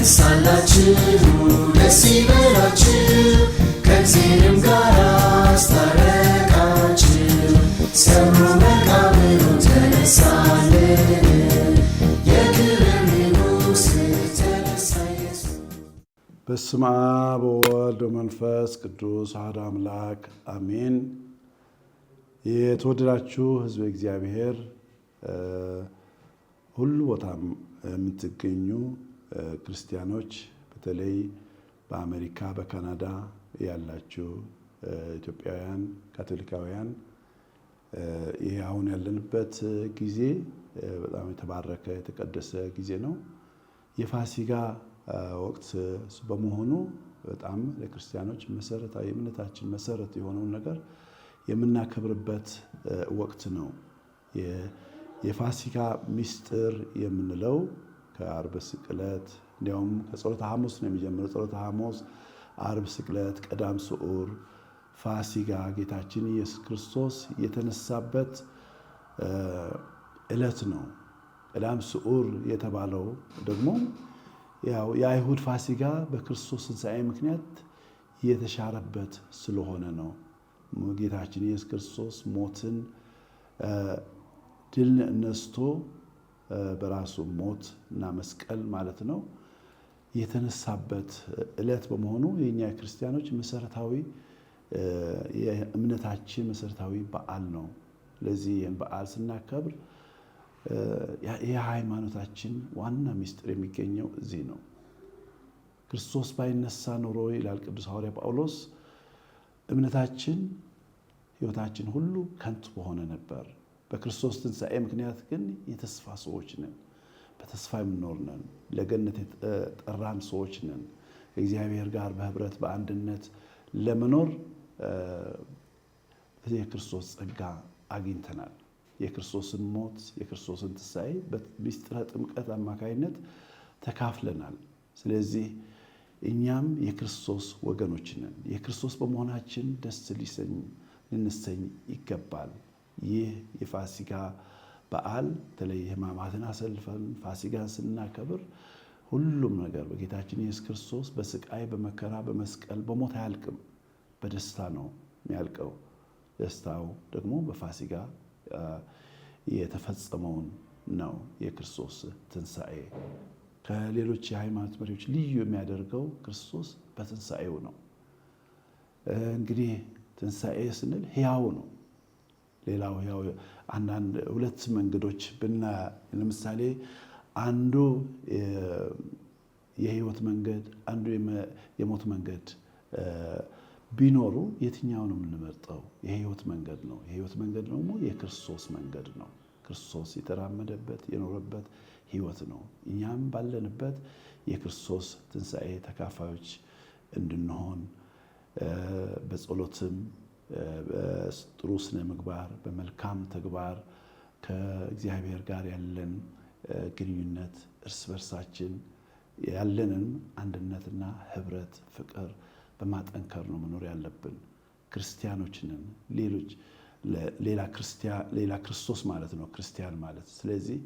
ተነሳላችሁ ደስ ይበላችሁ ከእግዚአብሔርም ጋር አስታረቃችሁ ሰው መቃብሩ ተነሳልን በስመ አብ ወወልድ ወመንፈስ ቅዱስ አሐዱ አምላክ አሜን የተወደዳችሁ ህዝበ እግዚአብሔር ሁሉ ቦታም የምትገኙ ክርስቲያኖች በተለይ በአሜሪካ፣ በካናዳ ያላችሁ ኢትዮጵያውያን ካቶሊካውያን ይሄ አሁን ያለንበት ጊዜ በጣም የተባረከ የተቀደሰ ጊዜ ነው። የፋሲጋ ወቅት በመሆኑ በጣም ለክርስቲያኖች መሰረታዊ የእምነታችን መሰረት የሆነውን ነገር የምናከብርበት ወቅት ነው። የፋሲካ ምስጢር የምንለው ከአርብ ስቅለት እንዲያውም ከጸሎተ ሐሙስ ነው የሚጀምረው። ጸሎተ ሐሙስ፣ አርብ ስቅለት፣ ቀዳም ስዑር፣ ፋሲጋ ጌታችን ኢየሱስ ክርስቶስ የተነሳበት ዕለት ነው። ቀዳም ስዑር የተባለው ደግሞ ያው የአይሁድ ፋሲጋ በክርስቶስ ትንሣኤ ምክንያት የተሻረበት ስለሆነ ነው። ጌታችን ኢየሱስ ክርስቶስ ሞትን ድል ነስቶ በራሱ ሞት እና መስቀል ማለት ነው የተነሳበት ዕለት በመሆኑ የኛ ክርስቲያኖች መሰረታዊ የእምነታችን መሰረታዊ በዓል ነው። ለዚህ ይህን በዓል ስናከብር የሃይማኖታችን ዋና ምስጢር የሚገኘው እዚህ ነው። ክርስቶስ ባይነሳ ኖሮ ይላል ቅዱስ ሐዋርያ ጳውሎስ፣ እምነታችን ሕይወታችን ሁሉ ከንቱ በሆነ ነበር። በክርስቶስ ትንሣኤ ምክንያት ግን የተስፋ ሰዎች ነን። በተስፋ የምንኖር ነን። ለገነት የጠራን ሰዎች ነን። ከእግዚአብሔር ጋር በህብረት በአንድነት ለመኖር የክርስቶስ ጸጋ አግኝተናል። የክርስቶስን ሞት የክርስቶስን ትንሣኤ በሚስጥረ ጥምቀት አማካይነት ተካፍለናል። ስለዚህ እኛም የክርስቶስ ወገኖች ነን። የክርስቶስ በመሆናችን ደስ ሊሰኝ ልንሰኝ ይገባል። ይህ የፋሲካ በዓል በተለይ ሕማማትን አሰልፈን ፋሲካን ስናከብር ሁሉም ነገር በጌታችን ኢየሱስ ክርስቶስ በስቃይ በመከራ በመስቀል በሞት አያልቅም። በደስታ ነው የሚያልቀው። ደስታው ደግሞ በፋሲካ የተፈጸመውን ነው። የክርስቶስ ትንሣኤ ከሌሎች የሃይማኖት መሪዎች ልዩ የሚያደርገው ክርስቶስ በትንሣኤው ነው። እንግዲህ ትንሣኤ ስንል ሕያው ነው። ሌላው ያው አንዳንድ ሁለት መንገዶች ብና ለምሳሌ አንዱ የህይወት መንገድ አንዱ የሞት መንገድ ቢኖሩ የትኛው ነው የምንመርጠው? የህይወት መንገድ ነው። የህይወት መንገድ ደግሞ የክርስቶስ መንገድ ነው። ክርስቶስ የተራመደበት የኖረበት ህይወት ነው። እኛም ባለንበት የክርስቶስ ትንሣኤ ተካፋዮች እንድንሆን በጸሎትም በጥሩ ስነ ምግባር፣ በመልካም ተግባር ከእግዚአብሔር ጋር ያለን ግንኙነት እርስ በርሳችን ያለንን አንድነትና ህብረት፣ ፍቅር በማጠንከር ነው መኖር ያለብን። ክርስቲያኖችንን ሌሎች ሌላ ክርስቶስ ማለት ነው ክርስቲያን ማለት ስለዚህ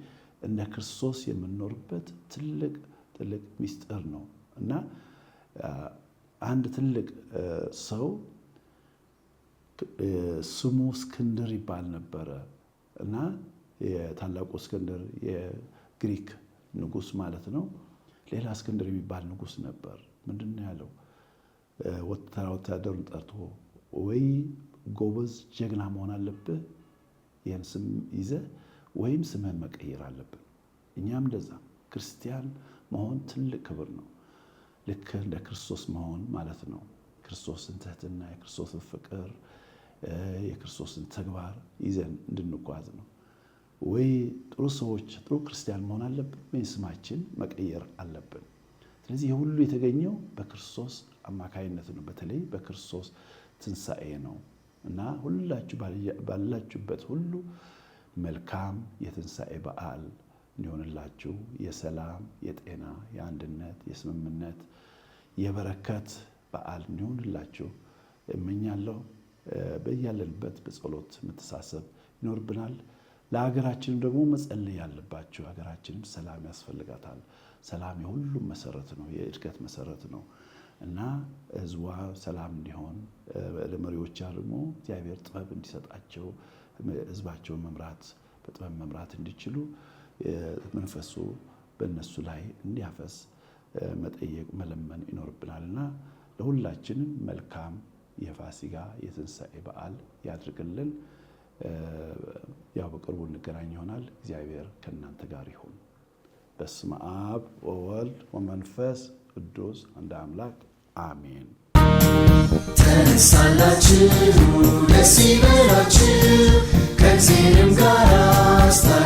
እንደ ክርስቶስ የምንኖርበት ትልቅ ትልቅ ሚስጥር ነው እና አንድ ትልቅ ሰው ስሙ እስክንድር ይባል ነበረ እና የታላቁ እስክንድር የግሪክ ንጉስ ማለት ነው። ሌላ እስክንድር የሚባል ንጉስ ነበር። ምንድን ነው ያለው? ተራ ወታደሩን ጠርቶ ወይ ጎበዝ ጀግና መሆን አለብህ ይህን ስም ይዘ ወይም ስምህን መቀየር አለብን። እኛም እንደዛ ክርስቲያን መሆን ትልቅ ክብር ነው። ልክ እንደ ክርስቶስ መሆን ማለት ነው። ክርስቶስን ትህትና፣ የክርስቶስን ፍቅር የክርስቶስን ተግባር ይዘን እንድንጓዝ ነው። ወይ ጥሩ ሰዎች ጥሩ ክርስቲያን መሆን አለብን፣ ወይ ስማችን መቀየር አለብን። ስለዚህ ሁሉ የተገኘው በክርስቶስ አማካይነት ነው። በተለይ በክርስቶስ ትንሣኤ ነው እና ሁላችሁ ባላችሁበት ሁሉ መልካም የትንሣኤ በዓል እንዲሆንላችሁ የሰላም፣ የጤና፣ የአንድነት፣ የስምምነት፣ የበረከት በዓል እንዲሆንላችሁ እመኛለሁ። በያለንበት በጸሎት መተሳሰብ ይኖርብናል። ለሀገራችንም ደግሞ መጸለይ ያለባቸው ሀገራችንም ሰላም ያስፈልጋታል። ሰላም የሁሉም መሰረት ነው፣ የእድገት መሰረት ነው እና ህዝቧ ሰላም እንዲሆን ለመሪዎቿ ደግሞ እግዚአብሔር ጥበብ እንዲሰጣቸው ህዝባቸውን መምራት በጥበብ መምራት እንዲችሉ መንፈሱ በእነሱ ላይ እንዲያፈስ መጠየቅ መለመን ይኖርብናል እና ለሁላችንም መልካም የፋሲጋ የትንሣኤ በዓል ያድርግልን። ያው በቅርቡ እንገናኝ ይሆናል። እግዚአብሔር ከእናንተ ጋር ይሁን። በስመ አብ ወወልድ ወመንፈስ ቅዱስ አንድ አምላክ አሜን። ተነሳላችሁ ደስ ይበላችሁ ከእግዚአብሔርም ጋር